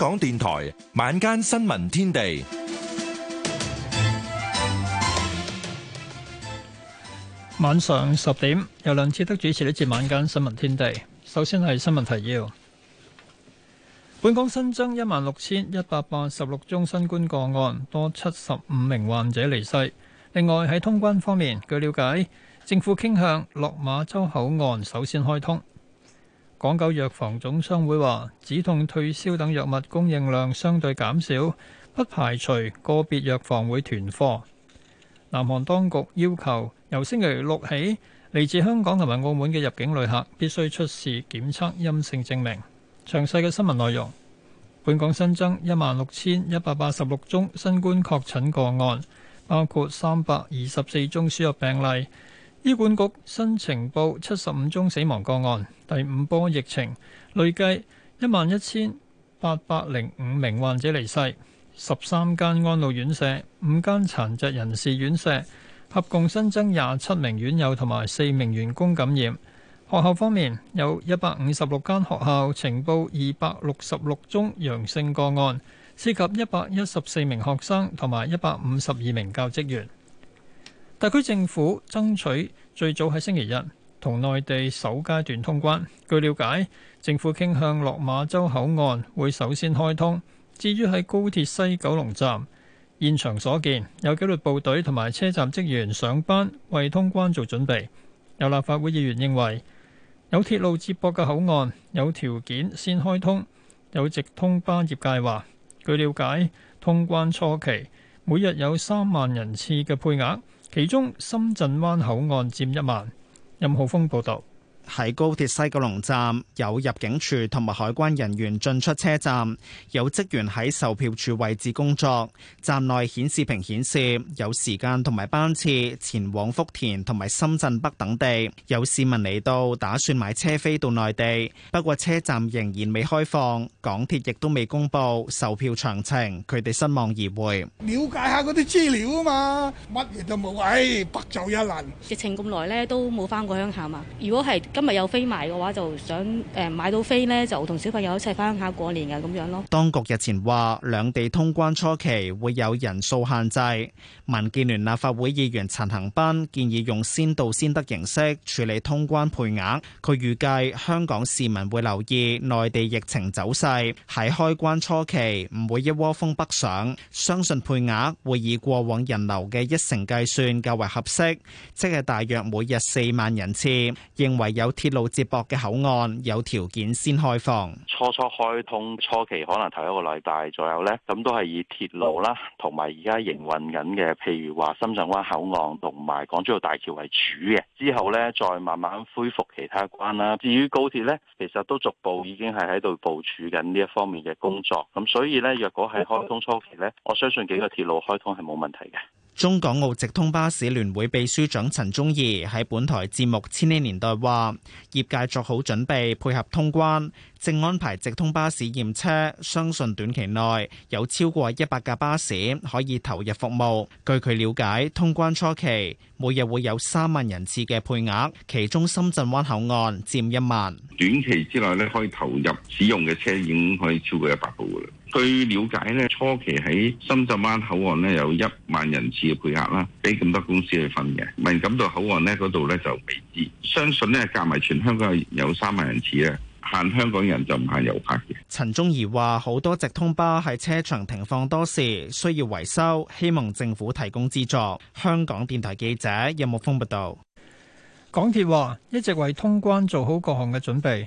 港電台晚間新聞天地，晚上十點由梁志德主持呢節晚間新聞天地。首先係新聞提要。本港新增一萬六千一百八十六宗新冠個案，多七十五名患者離世。另外，喺通關方面，據了解，政府傾向落馬洲口岸首先開通。港九藥房總商會話，止痛、退燒等藥物供應量相對減少，不排除個別藥房會囤貨。南韓當局要求由星期六起，嚟自香港同埋澳門嘅入境旅客必須出示檢測陰性證明。詳細嘅新聞內容，本港新增一萬六千一百八十六宗新冠確診個案，包括三百二十四宗輸入病例。醫管局新呈報七十五宗死亡個案，第五波疫情累計一萬一千八百零五名患者離世。十三間安老院舍、五間殘疾人士院舍合共新增廿七名院友同埋四名員工感染。學校方面，有一百五十六間學校呈報二百六十六宗陽性個案，涉及一百一十四名學生同埋一百五十二名教職員。特區政府爭取最早喺星期日同內地首階段通關。據了解，政府傾向落馬洲口岸會首先開通。至於喺高鐵西九龍站，現場所見有紀律部隊同埋車站職員上班為通關做準備。有立法會議員認為，有鐵路接駁嘅口岸有條件先開通有直通班列計劃。據了解，通關初期每日有三萬人次嘅配額。其中深圳灣口岸佔一萬。任浩峰報道。喺高鐵西九龍站有入境處同埋海關人員進出車站，有職員喺售票處位置工作。站內顯示屏顯示有時間同埋班次前往福田同埋深圳北等地。有市民嚟到打算買車飛到內地，不過車站仍然未開放，港鐵亦都未公布售票詳情，佢哋失望而回。了解下嗰啲資料啊嘛，乜嘢都冇，唉、哎，白走一輪。疫情咁耐呢都冇翻過鄉下嘛？如果係。今日有飛賣嘅話，就想誒買到飛咧，就同小朋友一齊翻鄉下過年嘅咁樣咯。當局日前話，兩地通關初期會有人數限制。民建聯立法會議員陳恒鑌建議用先到先得形式處理通關配額，佢預計香港市民會留意內地疫情走勢，喺開關初期唔會一窩蜂北上。相信配額會以過往人流嘅一成計算較為合適，即係大約每日四萬人次。認為有。鐵路接駁嘅口岸有條件先開放，初初開通初期可能頭一個禮拜左右呢，咁都係以鐵路啦，同埋而家營運緊嘅，譬如話深圳灣口岸同埋港珠澳大橋為主嘅，之後呢，再慢慢恢復其他關啦。至於高鐵呢，其實都逐步已經係喺度部署緊呢一方面嘅工作，咁所以呢，若果係開通初期呢，我相信幾個鐵路開通係冇問題嘅。中港澳直通巴士聯會秘書長陳忠義喺本台節目《千禧年代》話，業界作好準備配合通關，正安排直通巴士驗車，相信短期內有超過一百架巴士可以投入服務。據佢了解，通關初期每日會有三萬人次嘅配額，其中深圳灣口岸佔一萬。短期之內咧，可以投入使用嘅車已經可以超過一百部啦。據了解咧，初期喺深圳灣口岸咧有一萬人次嘅配額啦，俾咁多公司去分嘅。敏感度口岸咧嗰度咧就未知，相信咧加埋全香港有三萬人次咧，限香港人就唔限遊客嘅。陳忠義話：好多直通巴喺車場停放多時，需要維修，希望政府提供資助。香港電台記者任木峰報道。港鐵話一直為通關做好各項嘅準備。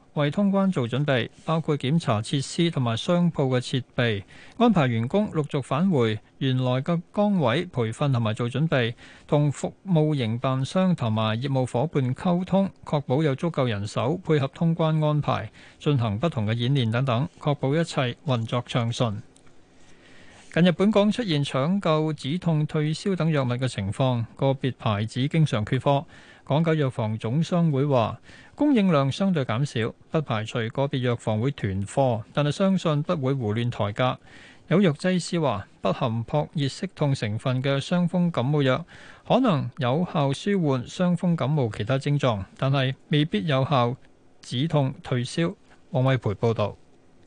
為通關做準備，包括檢查設施同埋商鋪嘅設備，安排員工陸續返回原來嘅崗位，培訓同埋做準備，同服務營辦商同埋業務伙伴溝通，確保有足夠人手配合通關安排，進行不同嘅演練等等，確保一切運作暢順。近日本港出現搶救止痛退燒等藥物嘅情況，個別牌子經常缺貨。港九藥房總商會話：供應量相對減少，不排除個別藥房會囤貨，但係相信不會胡亂抬價。有藥劑師話：不含撲熱息痛成分嘅傷風感冒藥，可能有效舒緩傷風感冒其他症狀，但係未必有效止痛退燒。王偉培報導，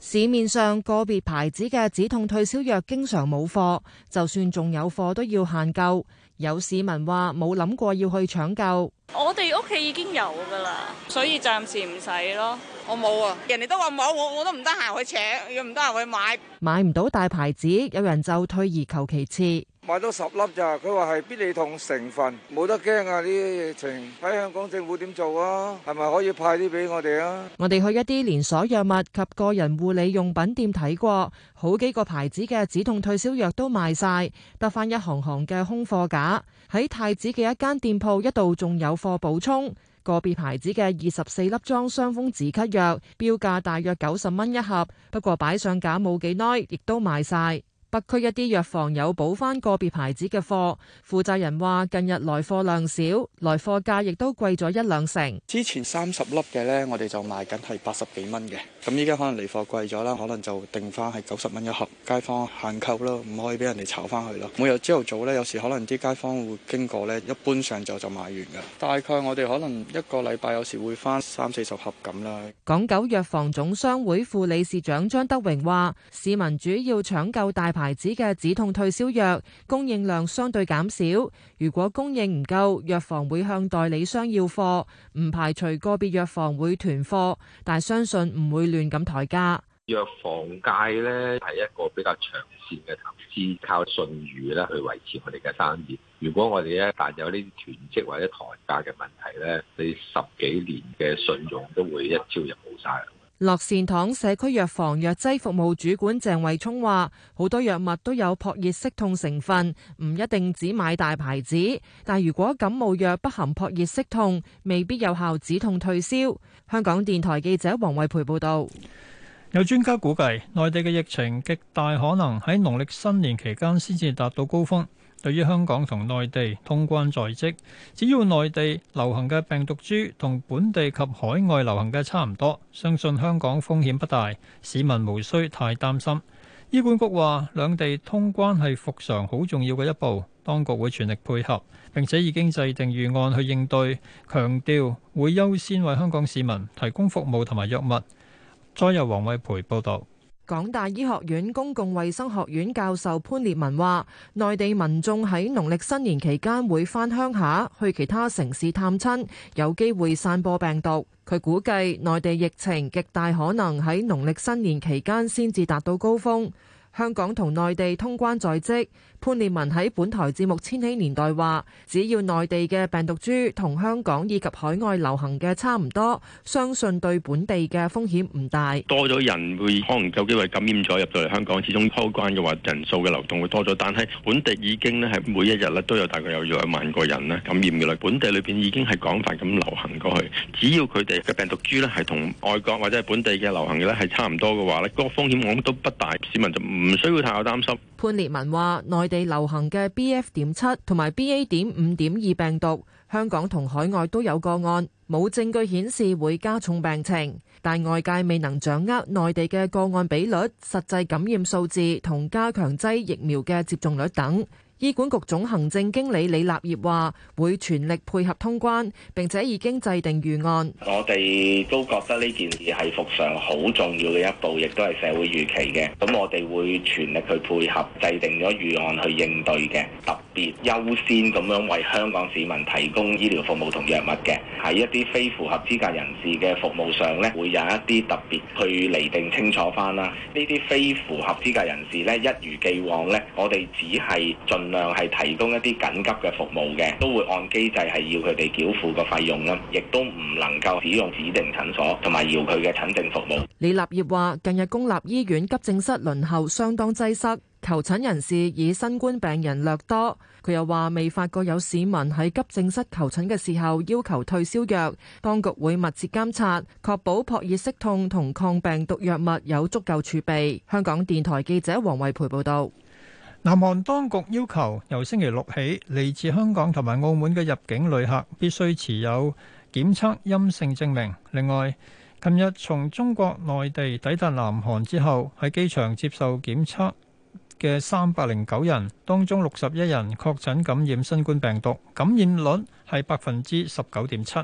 市面上個別牌子嘅止痛退燒藥經常冇貨，就算仲有貨都要限購。有市民話冇諗過要去搶救，我哋屋企已經有噶啦，所以暫時唔使咯。我冇啊，人哋都話冇，我我都唔得閒去請，又唔得閒去買。買唔到大牌子，有人就退而求其次。買多十粒咋？佢話係必理痛成分，冇得驚啊！呢啲疫情喺香港政府點做啊？係咪可以派啲俾我哋啊？我哋去一啲連鎖藥物及個人護理用品店睇過，好幾個牌子嘅止痛退燒藥都賣晒，得返一行行嘅空貨架。喺太子嘅一間店鋪一度仲有貨補充，個別牌子嘅二十四粒裝傷風止咳藥標價大約九十蚊一盒，不過擺上架冇幾耐，亦都賣晒。北區一啲藥房有補翻個別牌子嘅貨，負責人話：近日來貨量少，來貨價亦都貴咗一兩成。之前三十粒嘅呢，我哋就賣緊係八十幾蚊嘅，咁依家可能嚟貨貴咗啦，可能就定翻係九十蚊一盒。街坊限購咯，唔可以俾人哋炒翻去咯。每日朝頭早呢，有時可能啲街坊會經過呢，一般上晝就賣完㗎。大概我哋可能一個禮拜有時會翻三四十盒咁啦。港九藥房總商會副理事長張德榮話：市民主要搶購大牌牌子嘅止痛退燒藥供應量相對減少，如果供應唔夠，藥房會向代理商要貨，唔排除個別藥房會囤貨，但係相信唔會亂咁抬價。藥房界咧係一個比較長線嘅投資，靠信譽咧去維持我哋嘅生意。如果我哋一旦有呢啲囤積或者抬價嘅問題咧，你十幾年嘅信用都會一朝就冇晒。樂善堂社區藥房藥劑服務主管鄭惠聰話，好多藥物都有撲熱息痛成分，唔一定只買大牌子。但如果感冒藥不含撲熱息痛，未必有效止痛退燒。香港電台記者黃慧培報道。有專家估計，內地嘅疫情極大可能喺農曆新年期間先至達到高峰。對於香港同內地通關在即，只要內地流行嘅病毒株同本地及海外流行嘅差唔多，相信香港風險不大，市民無需太擔心。醫管局話，兩地通關係復常好重要嘅一步，當局會全力配合，並且已經制定預案去應對，強調會優先為香港市民提供服務同埋藥物。再由黃慧培報導。港大醫學院公共衛生學院教授潘烈文話：內地民眾喺農曆新年期間會翻鄉下，去其他城市探親，有機會散播病毒。佢估計內地疫情極大可能喺農曆新年期間先至達到高峰。香港同內地通關在即，潘烈文喺本台節目《千禧年代》話：只要內地嘅病毒株同香港以及海外流行嘅差唔多，相信對本地嘅風險唔大。多咗人會可能有機會感染咗入到嚟香港，始終開關嘅話，人數嘅流動會多咗。但係本地已經呢，係每一日咧都有大概有兩萬個人咧感染嘅啦。本地裏邊已經係廣泛咁流行過去，只要佢哋嘅病毒株呢係同外國或者係本地嘅流行嘅咧係差唔多嘅話呢嗰、嗰個風險我諗都不大，市民就唔。唔需要太有擔心。潘烈文話，內地流行嘅 B. F. 點七同埋 B. A. 點五點二病毒，香港同海外都有個案，冇證據顯示會加重病情，但外界未能掌握內地嘅個案比率、實際感染數字同加強劑疫苗嘅接種率等。醫管局總行政經理李立業話，會全力配合通關，並且已經制定預案。我哋都覺得呢件事係復常好重要嘅一步，亦都係社會預期嘅。咁我哋會全力去配合，制定咗預案去應對嘅。特別優先咁樣為香港市民提供醫療服務同藥物嘅，喺一啲非符合資格人士嘅服務上呢，會有一啲特別去釐定清楚返啦。呢啲非符合資格人士呢，一如既往呢，我哋只係盡量係提供一啲緊急嘅服務嘅，都會按機制係要佢哋繳付個費用啦，亦都唔能夠使用指定診所同埋遙距嘅診症服務。李立業話：近日公立醫院急症室輪候相當擠塞。求診人士以新冠病人略多。佢又話：未發覺有市民喺急症室求診嘅時候要求退燒藥，當局會密切監察，確保撲熱息痛同抗病毒藥物有足夠儲備。香港電台記者黃惠培報道，南韓當局要求由星期六起，嚟自香港同埋澳門嘅入境旅客必須持有檢測陰性證明。另外，近日從中國內地抵達南韓之後，喺機場接受檢測嘅三百零九人當中，六十一人確診感染新冠病毒，感染率係百分之十九點七。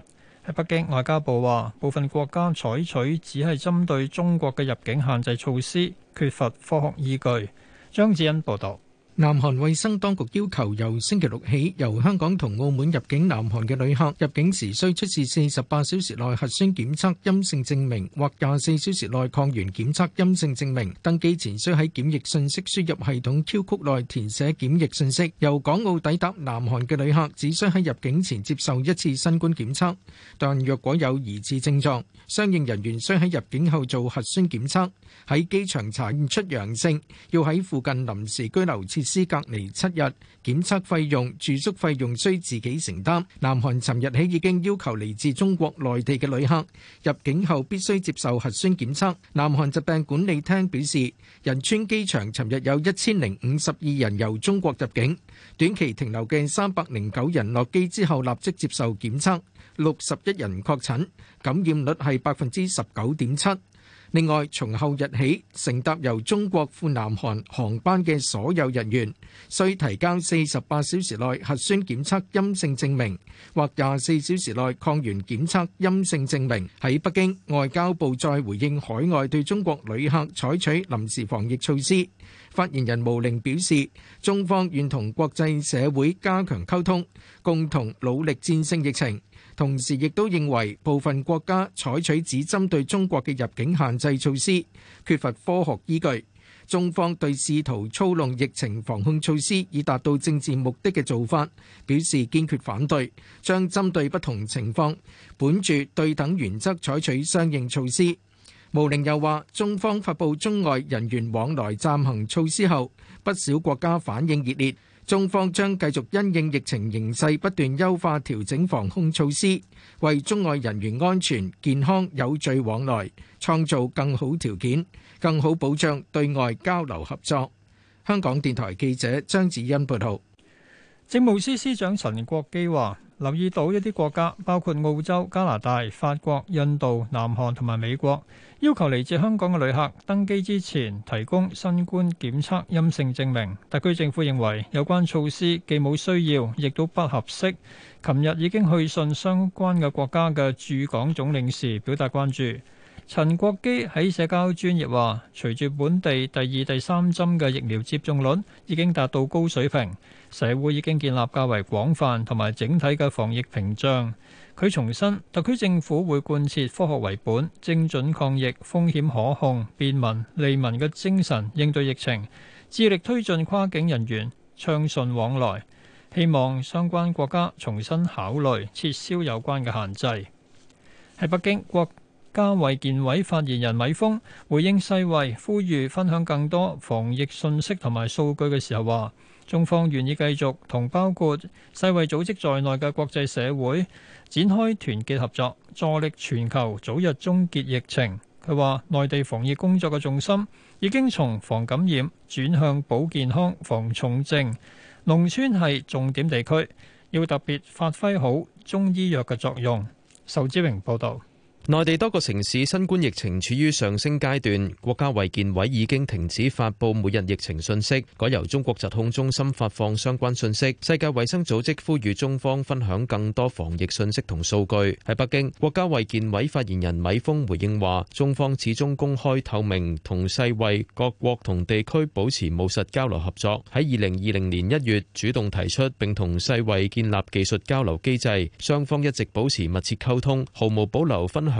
喺北京，外交部話部分國家採取只係針對中國嘅入境限制措施，缺乏科學依據。張子恩報道。南韓衛生當局要求由星期六起，由香港同澳門入境南韓嘅旅客入境時，需出示四十八小時內核酸檢測陰性證明或廿四小時內抗原檢測陰性證明。登機前需喺檢疫信息輸入系統 Q-Code 內填寫檢疫信息。由港澳抵達南韓嘅旅客，只需喺入境前接受一次新冠檢測，但若果有疑似症狀，相應人員需喺入境後做核酸檢測。喺機場查驗出陽性，要喺附近臨時居留設施隔離七日，檢測費用、住宿費用需自己承擔。南韓尋日起已經要求嚟自中國內地嘅旅客入境後必須接受核酸檢測。南韓疾病管理廳表示，仁川機場尋日有一千零五十二人由中國入境，短期停留嘅三百零九人落機之後立即接受檢測，六十一人確診，感染率係百分之十九點七。另外，從後日起，乘搭由中國赴南韓航班嘅所有人員，需提交四十八小時內核酸檢測陰性證明，或廿四小時內抗原檢測陰性證明。喺北京，外交部再回應海外對中國旅客採取臨時防疫措施。發言人毛寧表示，中方願同國際社會加強溝通，共同努力戰勝疫情。同時亦都認為，部分國家採取只針對中國嘅入境限制措施，缺乏科學依據。中方對試圖操弄疫情防控措施以達到政治目的嘅做法，表示堅決反對，將針對不同情況，本著對等原則採取相應措施。毛寧又話，中方發佈中外人員往來暫行措施後，不少國家反應熱烈。中方將繼續因應疫情形勢，不斷優化調整防控措施，為中外人員安全健康有序往來創造更好條件，更好保障對外交流合作。香港電台記者張子欣報導。政務司司長陳國基話。留意到一啲國家，包括澳洲、加拿大、法國、印度、南韓同埋美國，要求嚟自香港嘅旅客登機之前提供新冠檢測陰性證明。特區政府認為有關措施既冇需要，亦都不合適。琴日已經去信相關嘅國家嘅駐港總領事表達關注。陳國基喺社交專業話：隨住本地第二、第三針嘅疫苗接種率已經達到高水平，社會已經建立較為廣泛同埋整體嘅防疫屏障。佢重申，特區政府會貫徹科學為本、精準抗疫、風險可控、便民利民嘅精神應對疫情，致力推進跨境人員暢順往來，希望相關國家重新考慮撤銷有關嘅限制。喺北京，國家衞健委發言人米峰回應世衞呼籲分享更多防疫信息同埋數據嘅時候話：中方願意繼續同包括世衞組織在內嘅國際社會展開團結合作，助力全球早日終結疫情。佢話：內地防疫工作嘅重心已經從防感染轉向保健康、防重症，農村係重點地區，要特別發揮好中醫藥嘅作用。仇志榮報導。內地多個城市新冠疫情處於上升階段，國家衛健委已經停止發佈每日疫情信息，改由中國疾控中心發放相關信息。世界衛生組織呼籲中方分享更多防疫信息同數據。喺北京，國家衛健委發言人米峰回應話，中方始終公開透明，同世衛、各國同地區保持務實交流合作。喺二零二零年一月主動提出並同世衛建立技術交流機制，雙方一直保持密切溝通，毫無保留分享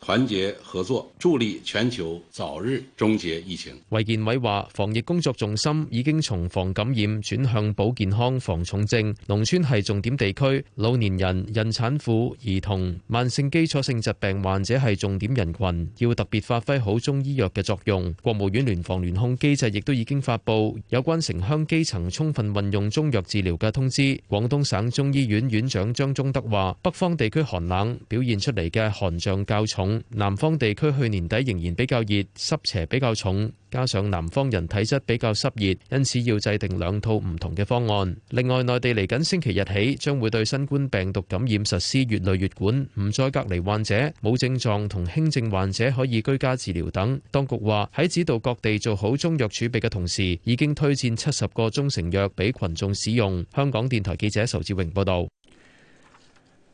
團結合作，助力全球早日終結疫情。衛健委話，防疫工作重心已經從防感染轉向保健康、防重症。農村係重點地區，老年人、孕產婦、兒童、慢性基礎性疾病患者係重點人群，要特別發揮好中醫藥嘅作用。國務院聯防聯控機制亦都已經發布有關城鄉基層充分運用中藥治療嘅通知。廣東省中醫院院長張忠德話：北方地區寒冷表現出嚟嘅寒象較,較重。南方地區去年底仍然比較熱，濕邪比較重，加上南方人體質比較濕熱，因此要制定兩套唔同嘅方案。另外，內地嚟緊星期日起，將會對新冠病毒感染實施乙類乙管，唔再隔離患者，冇症狀同輕症患者可以居家治療等。當局話喺指導各地做好中藥儲備嘅同時，已經推薦七十個中成藥俾群眾使用。香港電台記者仇志榮報道。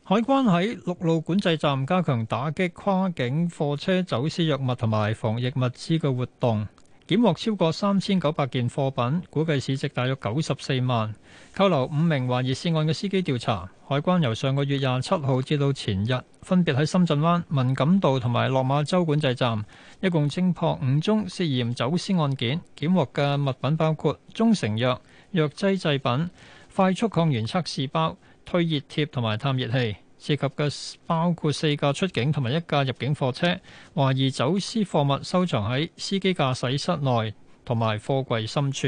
海關喺陸路管制站加強打擊跨境貨車走私藥物同埋防疫物資嘅活動，檢獲超過三千九百件貨品，估計市值大約九十四萬，扣留五名懷疑涉案嘅司機調查。海關由上個月廿七號至到前日，分別喺深圳灣、文錦渡同埋落馬洲管制站，一共偵破五宗涉嫌走私案件，檢獲嘅物品包括中成藥、藥劑製品、快速抗原測試包。推熱貼同埋探熱器，涉及嘅包括四架出境同埋一架入境貨車，懷疑走私貨物，收藏喺司機駕駛室內同埋貨櫃深處。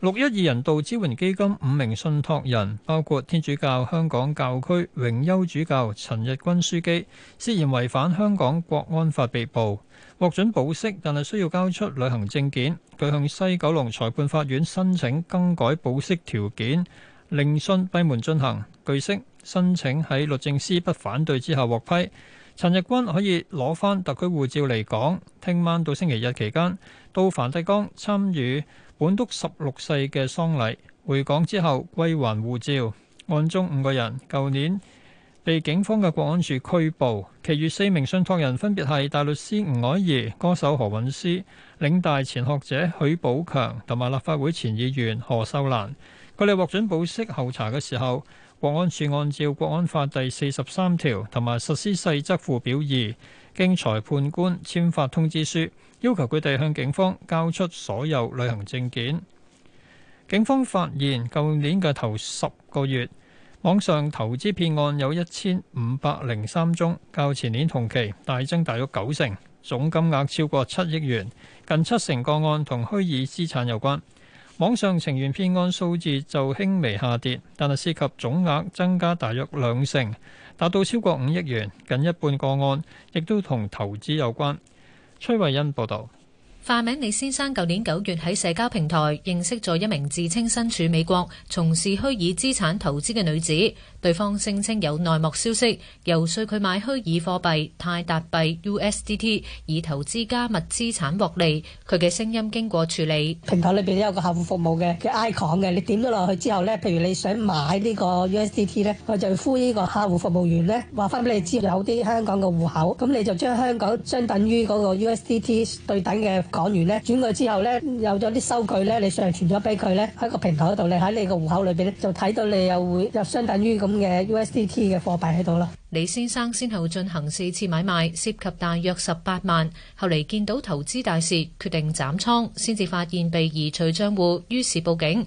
六一二人道支援基金五名信託人，包括天主教香港教區榮休主教陳日君樞機，涉嫌違反香港國安法被捕，獲准保釋，但係需要交出旅行證件。佢向西九龍裁判法院申請更改保釋條件。聆訊閉門進行，據悉申請喺律政司不反對之後獲批，陳日君可以攞翻特區護照嚟港。聽晚到星期日期間到梵蒂岡參與本篤十六世嘅喪禮，回港之後歸還護照。案中五個人，舊年被警方嘅國安處拘捕，其餘四名信託人分別係大律師吳靄儀、歌手何韻詩、嶺大前學者許寶強同埋立法會前議員何秀蘭。佢哋獲准保釋候查嘅時候，國安處按照《國安法》第四十三條同埋實施細則附表二，經裁判官簽發通知書，要求佢哋向警方交出所有旅行證件。警方發現，舊年嘅頭十個月，網上投資騙案有一千五百零三宗，較前年同期大增大約九成，總金額超過七億元，近七成個案同虛擬資產有關。網上情緣騙案數字就輕微下跌，但係涉及總額增加大約兩成，達到超過五億元，近一半個案亦都同投資有關。崔慧欣報導。化名李先生，舊年九月喺社交平台認識咗一名自稱身處美國從事虛擬資產投資嘅女子。對方聲稱有內幕消息，遊說佢買虛擬貨幣泰達幣 USDT，以投資加密資產獲利。佢嘅聲音經過處理。平台裏邊有一個客戶服務嘅 icon 嘅，你點咗落去之後咧，譬如你想買呢個 USDT 咧，佢就呼呢個客戶服務員咧，話翻俾你知有啲香港嘅戶口，咁你就將香港相等於嗰個 USDT 對等嘅。講完咧，轉過之後咧，有咗啲收據咧，你上傳咗俾佢咧，喺個平台度，你喺你個戶口裏邊咧，就睇到你又會又相等於咁嘅 USDT 嘅貨幣喺度啦。李先生先後進行四次買賣，涉及大約十八萬，後嚟見到投資大市決定斬倉，先至發現被移除賬戶，於是報警。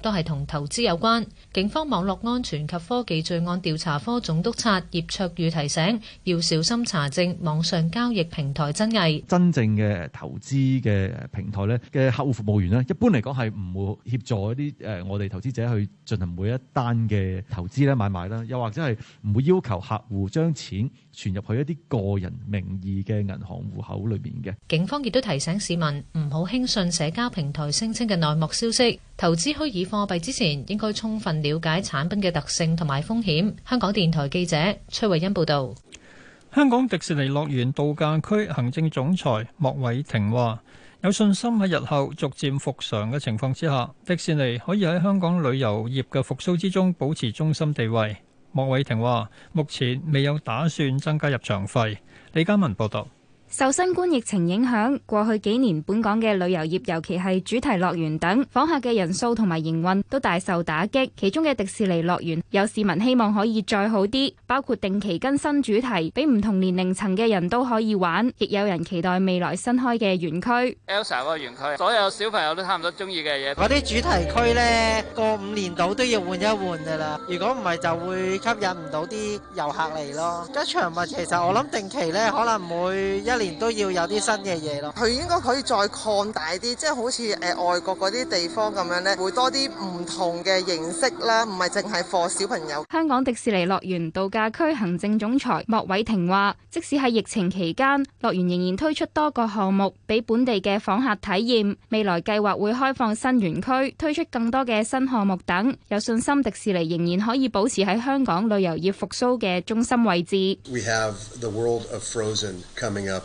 都係同投資有關。警方網絡安全及科技罪案調查科總督察葉卓宇提醒，要小心查證網上交易平台真偽。真正嘅投資嘅平台咧，嘅客戶服務員咧，一般嚟講係唔會協助一啲誒、呃，我哋投資者去進行每一單嘅投資咧買賣啦，又或者係唔會要求客戶將錢。存入去一啲個人名義嘅銀行戶口裏面嘅。警方亦都提醒市民唔好輕信社交平台聲稱嘅內幕消息。投資虛擬貨幣之前，應該充分了解產品嘅特性同埋風險。香港電台記者崔慧欣報道，香港迪士尼樂園度假區行政總裁莫偉霆話：有信心喺日後逐漸復常嘅情況之下，迪士尼可以喺香港旅遊業嘅復甦之中保持中心地位。莫偉霆話，目前未有打算增加入場費。李嘉文報道。受新冠疫情影響，過去幾年本港嘅旅遊業，尤其係主題樂園等，訪客嘅人數同埋營運都大受打擊。其中嘅迪士尼樂園，有市民希望可以再好啲，包括定期更新主題，俾唔同年齡層嘅人都可以玩。亦有人期待未來新開嘅園區。Elsa 嗰個園區，所有小朋友都差唔多中意嘅嘢。嗰啲主題區呢，過五年度都要換一換噶啦。如果唔係，就會吸引唔到啲遊客嚟咯。吉祥物其實我諗定期呢可能每一年都要有啲新嘅嘢咯，佢應該可以再擴大啲，即係好似誒外國嗰啲地方咁樣咧，會多啲唔同嘅形式啦，唔係淨係課小朋友。香港迪士尼樂園度假區行政總裁莫偉霆話，即使喺疫情期間，樂園仍然推出多個項目俾本地嘅訪客體驗，未來計劃會開放新園區，推出更多嘅新項目等。有信心，迪士尼仍然可以保持喺香港旅遊業復蘇嘅中心位置。We have the world of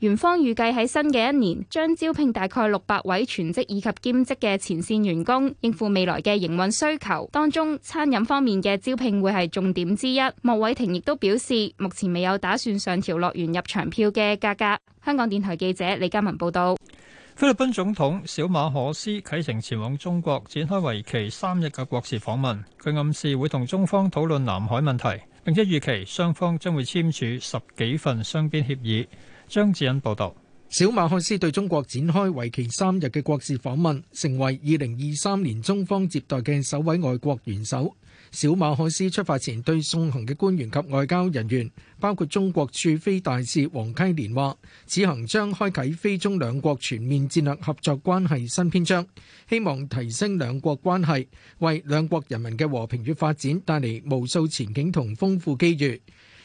園方預計喺新嘅一年將招聘大概六百位全職以及兼職嘅前線員工，應付未來嘅營運需求。當中餐飲方面嘅招聘會係重點之一。莫偉庭亦都表示，目前未有打算上調樂園入場票嘅價格。香港電台記者李嘉文報道。菲律賓總統小馬可斯啟程前往中國，展開為期三日嘅國事訪問。佢暗示會同中方討論南海問題，並且預期雙方將會簽署十幾份雙邊協議。張智恩報道，小馬可斯對中國展開為期三日嘅國事訪問，成為二零二三年中方接待嘅首位外國元首。小馬可斯出發前對送行嘅官員及外交人員，包括中國駐菲大使黃溪連話，此行將開啟菲中兩國全面戰略合作關係新篇章，希望提升兩國關係，為兩國人民嘅和平與發展帶嚟無數前景同豐富機遇。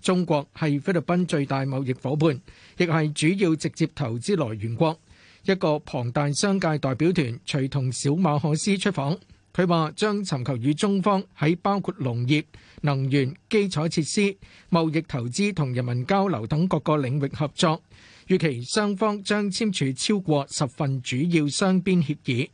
中國係菲律賓最大貿易夥伴，亦係主要直接投資來源國。一個龐大商界代表團隨同小馬可斯出訪，佢話將尋求與中方喺包括農業、能源、基礎設施、貿易投資同人民交流等各個領域合作。預期雙方將簽署超過十份主要雙邊協議。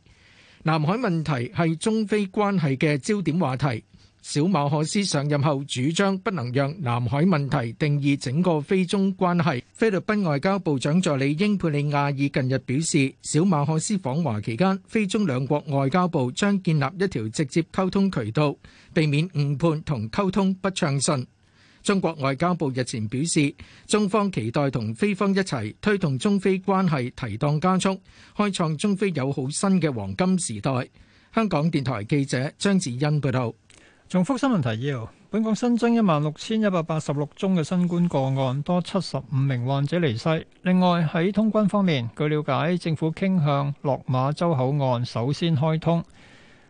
南海問題係中菲關係嘅焦點話題。小馬可斯上任後，主張不能讓南海問題定義整個菲中關係。菲律賓外交部長助理英佩利亞爾近日表示，小馬可斯訪華期間，菲中兩國外交部將建立一條直接溝通渠道，避免誤判同溝通不暢順。中國外交部日前表示，中方期待同菲方一齊推動中菲關係提檔加速，開創中菲友好新嘅黃金時代。香港電台記者張子欣報道。重複新聞提要：本港新增一萬六千一百八十六宗嘅新冠個案，多七十五名患者離世。另外喺通關方面，據了解，政府傾向落馬洲口岸首先開通。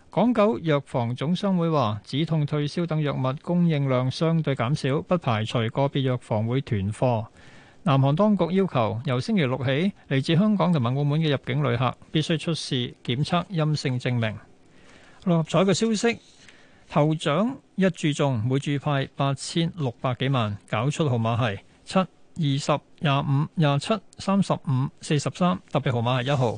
港九藥房總商會話，止痛退燒等藥物供應量相對減少，不排除個別藥房會囤貨。南韓當局要求由星期六起，嚟自香港同埋澳門嘅入境旅客必須出示檢測陰性證明。六合彩嘅消息。頭獎一注中，每注派八千六百幾萬。攪出號碼係七、二十、廿五、廿七、三十五、四十三。特別號碼係一號。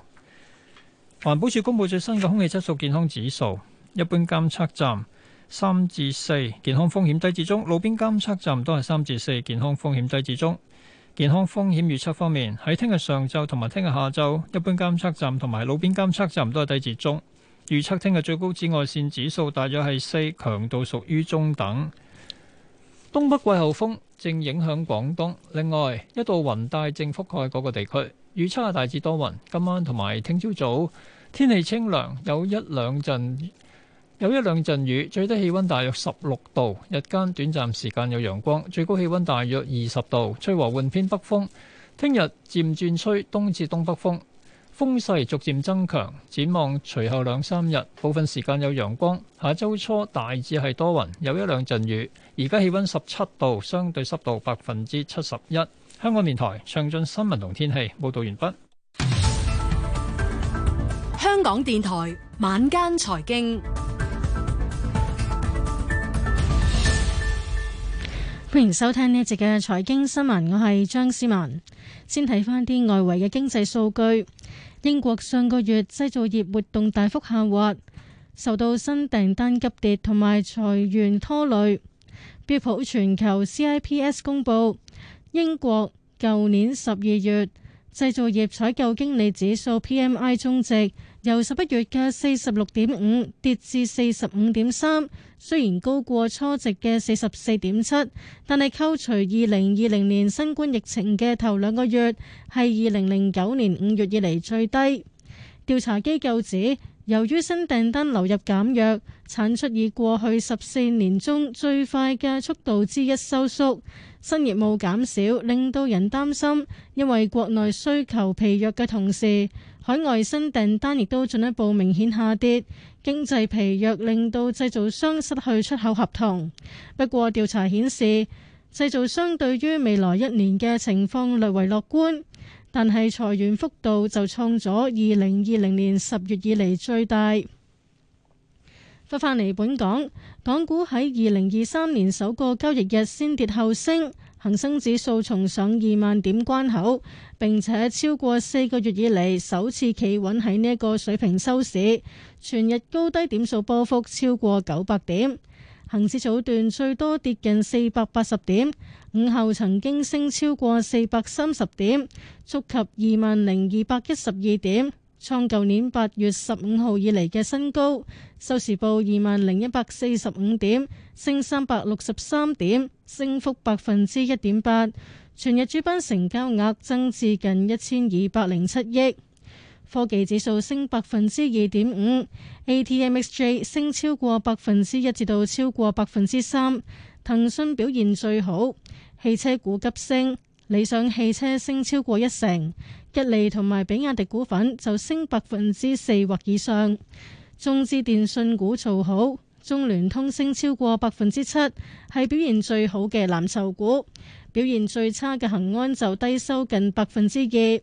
環保署公布最新嘅空氣質素健康指數，一般監測站三至四，健康風險低至中；路邊監測站都係三至四，健康風險低至中。健康風險預測方面，喺聽日上晝同埋聽日下晝，一般監測站同埋路邊監測站都係低至中。預測聽日最高紫外線指數大約係四，強度屬於中等。東北季候風正影響廣東，另外一道雲帶正覆蓋嗰個地區，預測係大致多雲。今晚同埋聽朝早，早天氣清涼，有一兩陣有一兩陣雨，最低氣温大約十六度，日間短暫時間有陽光，最高氣温大約二十度，吹和緩偏北風，聽日漸轉吹東至東北風。風勢逐漸增強，展望隨後兩三日，部分時間有陽光。下周初大致係多雲，有一兩陣雨。而家氣溫十七度，相對濕度百分之七十一。香港電台詳盡新聞同天氣報道完畢。香港電台晚間財經，歡迎收聽呢一節嘅財經新聞。我係張思文，先睇翻啲外圍嘅經濟數據。英國上個月製造業活動大幅下滑，受到新訂單急跌同埋裁員拖累。標普全球 CIPS 公布，英國舊年十二月製造業採購經理指數 PMI 終值。由十一月嘅四十六點五跌至四十五點三，雖然高過初值嘅四十四點七，但係扣除二零二零年新冠疫情嘅頭兩個月，係二零零九年五月以嚟最低。調查機構指，由於新訂單流入減弱，產出以過去十四年中最快嘅速度之一收縮，新業務減少，令到人擔心，因為國內需求疲弱嘅同時，海外新訂單亦都進一步明顯下跌，經濟疲弱令到製造商失去出口合同。不過調查顯示，製造商對於未來一年嘅情況略為樂觀，但係裁員幅度就創咗二零二零年十月以嚟最大。翻返嚟本港，港股喺二零二三年首個交易日先跌後升。恒生指數重上二萬點關口，並且超過四個月以嚟首次企穩喺呢個水平收市。全日高低點數波幅超過九百點，恒指早段最多跌近四百八十點，午後曾經升超過四百三十點，觸及二萬零二百一十二點。創舊年八月十五號以嚟嘅新高，收市報二萬零一百四十五點，升三百六十三點，升幅百分之一點八。全日主板成交額增至近一千二百零七億。科技指數升百分之二點五，ATMXJ 升超過百分之一至到超過百分之三。騰訊表現最好，汽車股急升。理想汽車升超過一成，吉利同埋比亞迪股份就升百分之四或以上。中資電信股做好，中聯通升超過百分之七，係表現最好嘅藍籌股。表現最差嘅恒安就低收近百分之二。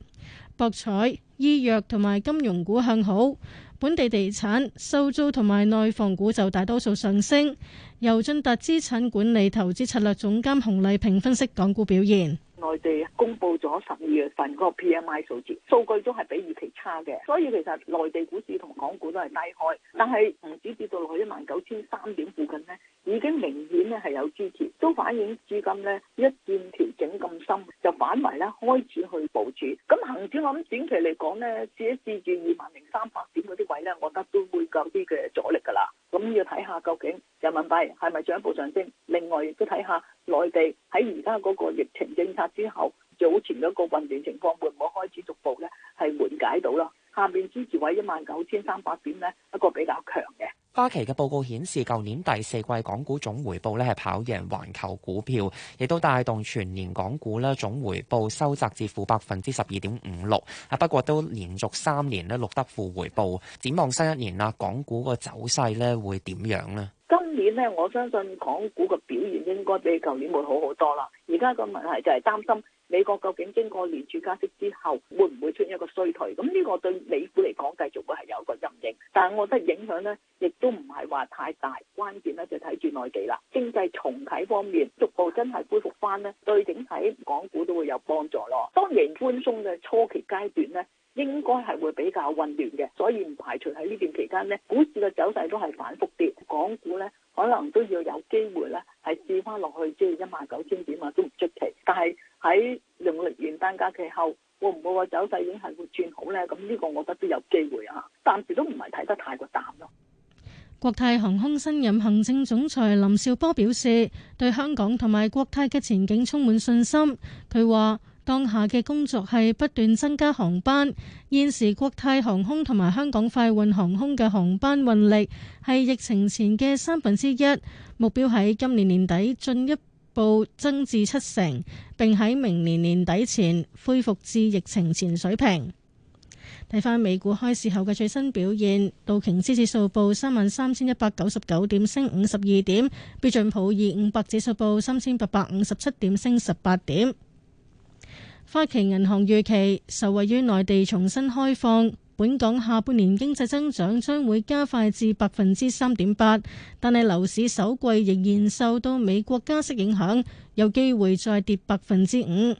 博彩、醫藥同埋金融股向好，本地地產、收租同埋內房股就大多數上升。由晉達資產管理投資策略總監洪麗平分析港股表現。內地公布咗十二月份個 PMI 數字，數據都係比預期差嘅，所以其實內地股市同港股都係低開，但係唔止跌到落去一萬九千三點附近咧。已經明顯咧係有支持，都反映資金咧一見調整咁深，就反而咧開始去部署。咁恆指我諗短期嚟講咧試一試住二萬零三百點嗰啲位咧，我覺得都會夠啲嘅阻力㗎啦。咁、嗯、要睇下究竟人民幣係咪進一步上升？另外亦都睇下內地喺而家嗰個疫情政策之後，早前嗰個混亂情況會唔會開始逐步咧係緩解到咯？下面支持位一萬九千三百點咧，一個比較強嘅。花旗嘅報告顯示，舊年第四季港股總回報咧係跑贏環球股票，亦都帶動全年港股咧總回報收窄至負百分之十二點五六。啊，不過都連續三年咧錄得負回報。展望新一年啦，港股個走勢咧會點樣呢？今年咧，我相信港股嘅表現應該比舊年會好好多啦。而家個問題就係擔心。美國究竟經過連串加息之後，會唔會出現一個衰退？咁呢個對美股嚟講，繼續會係有一個陰影。但係我覺得影響咧，亦都唔係話太大。關鍵咧就睇住內地啦，經濟重啟方面逐步真係恢復返咧，對整體港股都會有幫助咯。當然寬鬆嘅初期階段咧。應該係會比較混亂嘅，所以唔排除喺呢段期間呢，股市嘅走勢都係反覆跌，港股呢，可能都要有機會呢，係試翻落去即係一萬九千點啊，都唔出奇。但係喺農曆元旦假期後，會唔會個走勢已經係會轉好呢？咁呢個我覺得都有機會啊，暫時都唔係睇得太過淡咯。國泰航空新任行政總裁林紹波表示，對香港同埋國泰嘅前景充滿信心。佢話：當下嘅工作係不斷增加航班。現時國泰航空同埋香港快運航空嘅航班運力係疫情前嘅三分之一，目標喺今年年底進一步增至七成，並喺明年年底前恢復至疫情前水平。睇翻美股開市後嘅最新表現，道瓊斯指數報三萬三千一百九十九點，升五十二點；標準普爾五百指數報三千八百五十七點，升十八點。花旗銀行預期受惠於內地重新開放，本港下半年經濟增長將會加快至百分之三點八，但係樓市首季仍然受到美國加息影響，有機會再跌百分之五。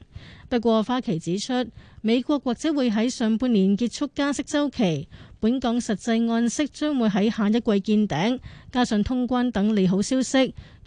不過花旗指出，美國或者會喺上半年結束加息週期。本港實際按息將會喺下一季見頂，加上通關等利好消息，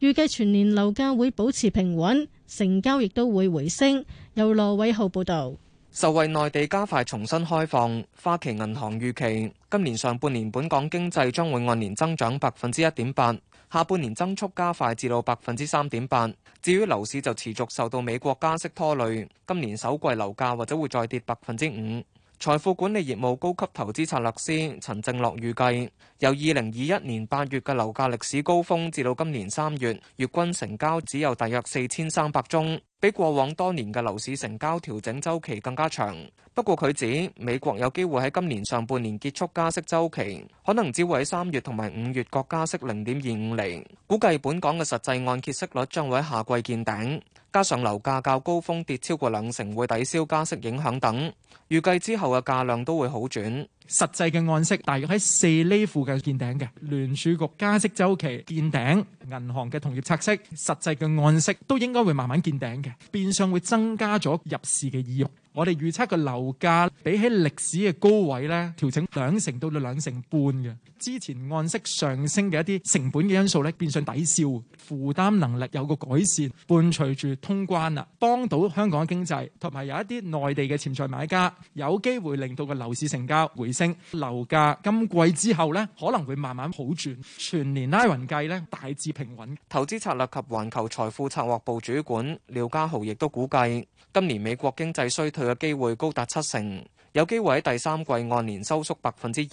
預計全年樓價會保持平穩，成交亦都會回升。由羅偉浩報道。受惠內地加快重新開放，花旗銀行預期今年上半年本港經濟將會按年增長百分之一點八，下半年增速加快至到百分之三點八。至於樓市就持續受到美國加息拖累，今年首季樓價或者會再跌百分之五。財富管理業務高級投資策略師陳正樂預計，由二零二一年八月嘅樓價歷史高峰，至到今年三月，月均成交只有大約四千三百宗。比過往多年嘅樓市成交調整週期更加長。不過佢指美國有機會喺今年上半年結束加息周期，可能只會喺三月同埋五月各加息零點二五厘。估計本港嘅實際按揭息率將會喺下季見頂，加上樓價較高峰跌超過兩成，會抵消加息影響等。預計之後嘅價量都會好轉。實際嘅按息大約喺四厘附近見頂嘅，聯儲局加息周期見頂，銀行嘅同業拆息實際嘅按息都應該會慢慢見頂嘅。變相會增加咗入市嘅意欲。我哋預測嘅樓價比起歷史嘅高位咧，調整兩成到到兩成半嘅。之前按息上升嘅一啲成本嘅因素咧，變相抵消，負擔能力有個改善。伴隨住通關啦，幫到香港經濟，同埋有一啲內地嘅潛在買家，有機會令到個樓市成交回升。樓價今季之後咧，可能會慢慢好轉。全年拉勻計咧，大致平穩。投資策略及環球財富策劃部主管廖家豪亦都估計，今年美國經濟衰退。佢嘅機會高達七成，有機會喺第三季按年收縮百分之二，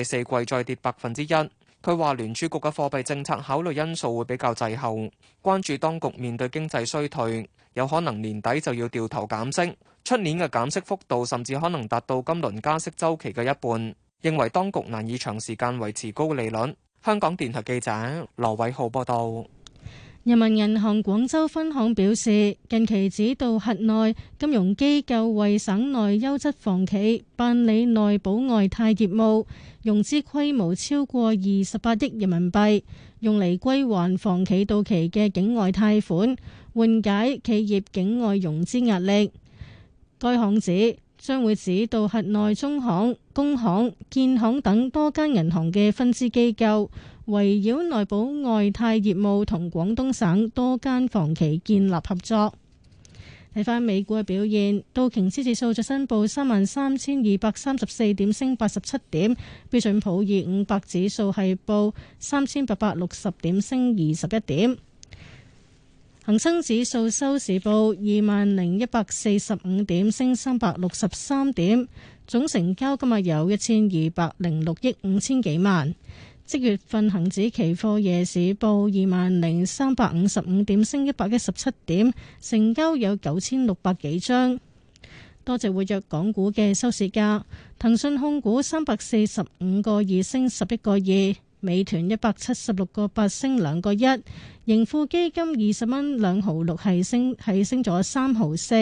第四季再跌百分之一。佢話聯儲局嘅貨幣政策考慮因素會比較滯後，關注當局面對經濟衰退，有可能年底就要掉頭減息，出年嘅減息幅度甚至可能達到今輪加息週期嘅一半，認為當局難以長時間維持高利率。香港電台記者羅偉浩報道。人民銀行廣州分行表示，近期指導轄內金融機構為省內優質房企辦理內保外貸業務，融資規模超過二十八億人民幣，用嚟歸還房企到期嘅境外貸款，緩解企業境外融資壓力。該行指將會指導轄內中行、工行、建行等多間銀行嘅分支機構。圍繞內保外貸業務，同廣東省多間房企建立合作。睇返美股嘅表現，道瓊斯指數最新報三萬三千二百三十四點，升八十七點；標準普爾五百指數係報三千八百六十點，升二十一點；恒生指數收市報二萬零一百四十五點，升三百六十三點。總成交今日有一千二百零六億五千幾萬。即月份恒指期貨夜市報二萬零三百五十五點，升一百一十七點，成交有九千六百幾張。多謝活躍港股嘅收市價，騰訊控股三百四十五個二升十一個二，美團一百七十六個八升兩個一，盈富基金二十蚊兩毫六係升係升咗三毫四，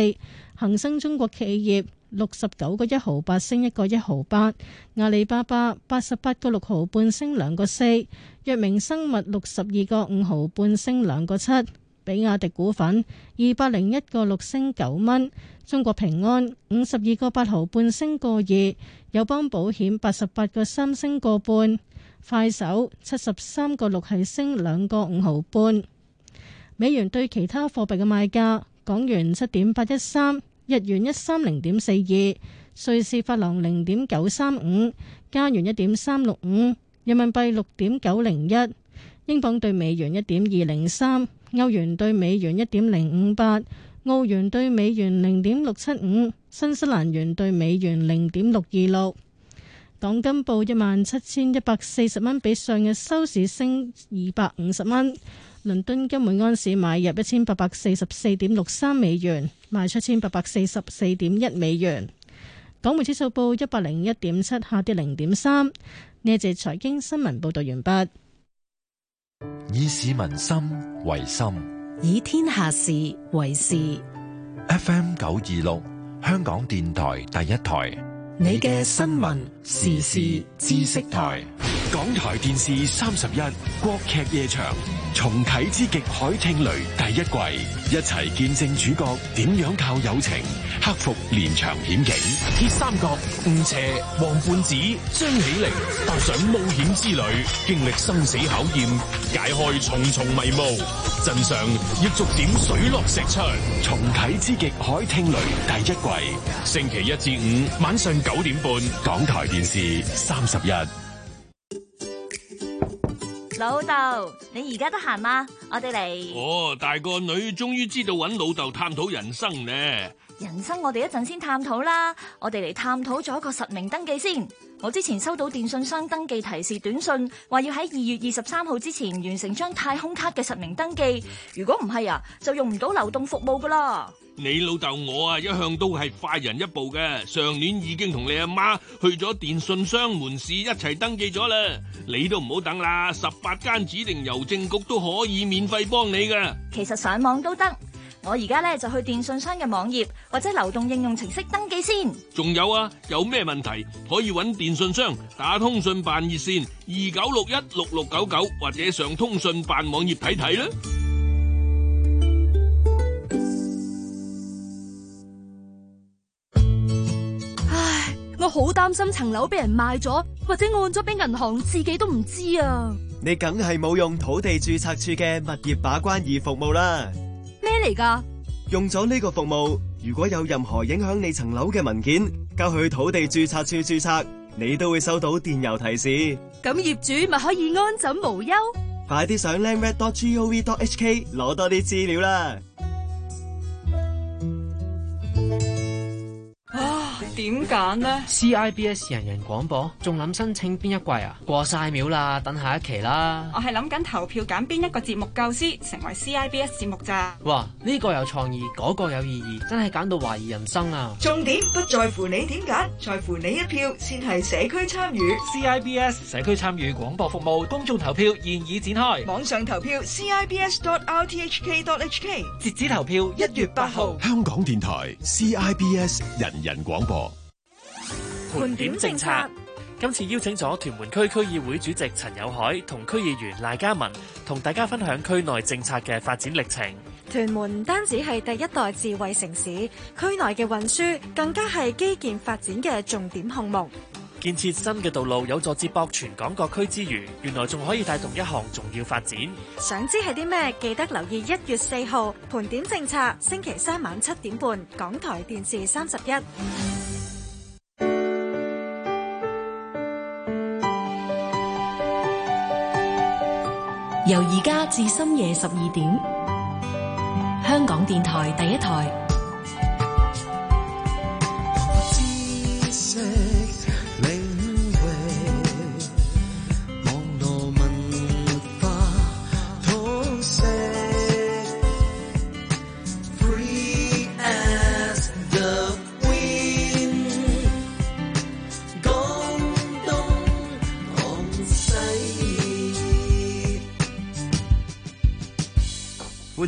恒生中國企業。六十九個一毫八升一個一毫八，阿里巴巴八十八個六毫半升兩個四，藥明生物六十二個五毫半升兩個七，比亞迪股份二百零一個六升九蚊，中國平安五十二個八毫半升個二，友邦保險八十八個三升個半，快手七十三個六係升兩個五毫半，美元對其他貨幣嘅賣價，港元七點八一三。日元一三零點四二，瑞士法郎零點九三五，加元一點三六五，人民幣六點九零一，英鎊對美元一點二零三，歐元對美元一點零五八，澳元對美元零點六七五，新西蘭元對美元零點六二六。港金報一萬七千一百四十蚊，比上日收市升二百五十蚊。倫敦金每安士買入一千八百四十四點六三美元。賣出千八百四十四點一美元，港匯指數報一百零一點七，下跌零點三。呢節財經新聞報道完畢。以市民心為心，以天下事為事。F M 九二六，香港電台第一台。你嘅新聞。時事知識台，港台電視三十一國劇夜場重啟之極海聽雷第一季，一齊見證主角點樣靠友情克服連場險境。鐵三角吳邪、王胖子、張起靈踏上冒險之旅，經歷生死考驗，解開重重迷霧，真相亦逐點水落石出。重啟之極海聽雷第一季，星期一至五晚上九點半，港台。年事三十日，老豆，你而家得閒嗎？我哋嚟。哦，oh, 大個女終於知道揾老豆探討人生呢。人生我哋一陣先探討啦，我哋嚟，探討咗個實名登記先。我之前收到電信商登記提示短信，話要喺二月二十三號之前完成張太空卡嘅實名登記，如果唔係啊，就用唔到流動服務噶啦。你老豆我啊，一向都係快人一步嘅，上年已經同你阿媽去咗電信商門市一齊登記咗啦。你都唔好等啦，十八間指定郵政局都可以免費幫你噶。其實上網都得。我而家咧就去電訊商嘅網頁或者流動應用程式登記先。仲有啊，有咩問題可以搵電訊商打通訊辦熱線二九六一六六九九，6 6 99，或者上通訊辦網頁睇睇啦。唉，我好擔心層樓俾人賣咗，或者按咗俾銀行，自己都唔知啊。你梗係冇用土地註冊處嘅物業把關易服務啦。咩嚟㗎？用咗呢個服務，如果有任何影響你層樓嘅文件，交去土地注冊處注冊，你都會收到電郵提示。咁、嗯嗯、業主咪可以安枕無憂。快啲上 l a n、嗯、r e d . g o v . h k 攞多啲資料啦！點揀咧？CIBS 人人廣播仲諗申請邊一季啊？過晒秒啦，等下一期啦。我係諗緊投票揀邊一個節目構思，成為 CIBS 節目咋？哇！呢、這個有創意，嗰、那個有意義，真係揀到懷疑人生啊！重點不在乎你點揀，在乎你一票先係社區參與。CIBS 社區參與廣播服務公眾投票現已展開，網上投票 cibs.rthk.hk，截止投票一月八號。香港電台 CIBS 人人廣播。盤點政策，今次邀請咗屯門區區議會主席陳友海同區議員賴嘉文，同大家分享區內政策嘅發展歷程。屯門唔單止係第一代智慧城市，區內嘅運輸更加係基建發展嘅重點項目。建設新嘅道路有助接駁全港各區之餘，原來仲可以帶動一項重要發展。想知係啲咩？記得留意一月四號盤點政策，星期三晚七點半，港台電視三十一。由而家至深夜十二點，香港電台第一台。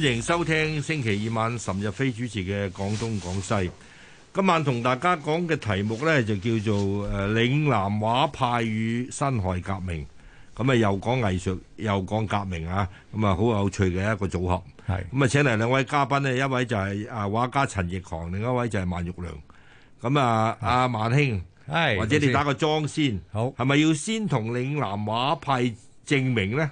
歡迎收聽星期二晚岑日飛主持嘅《廣東廣西》。今晚同大家講嘅題目呢，就叫做誒嶺南畫派與辛亥革命。咁啊，又講藝術，又講革命啊，咁啊，好有趣嘅一個組合。係咁啊，請嚟兩位嘉賓呢，一位就係啊畫家陳奕強，另一位就係萬玉良。咁啊，阿萬兄係或者你打個樁先好，係咪要先同嶺南畫派證明呢？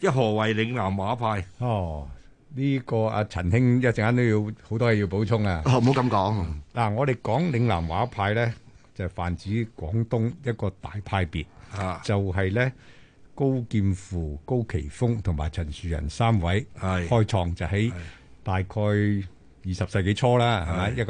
即係何為嶺南畫派哦？呢、這個阿陳兄一陣間都要好多嘢要補充啊！唔好咁講。嗱、嗯，我哋講嶺南畫派咧，就是、泛指廣東一個大派別，啊、就係咧高劍父、高奇峰同埋陳樹人三位是開創，就喺大概二十世紀初啦，係咪是？吧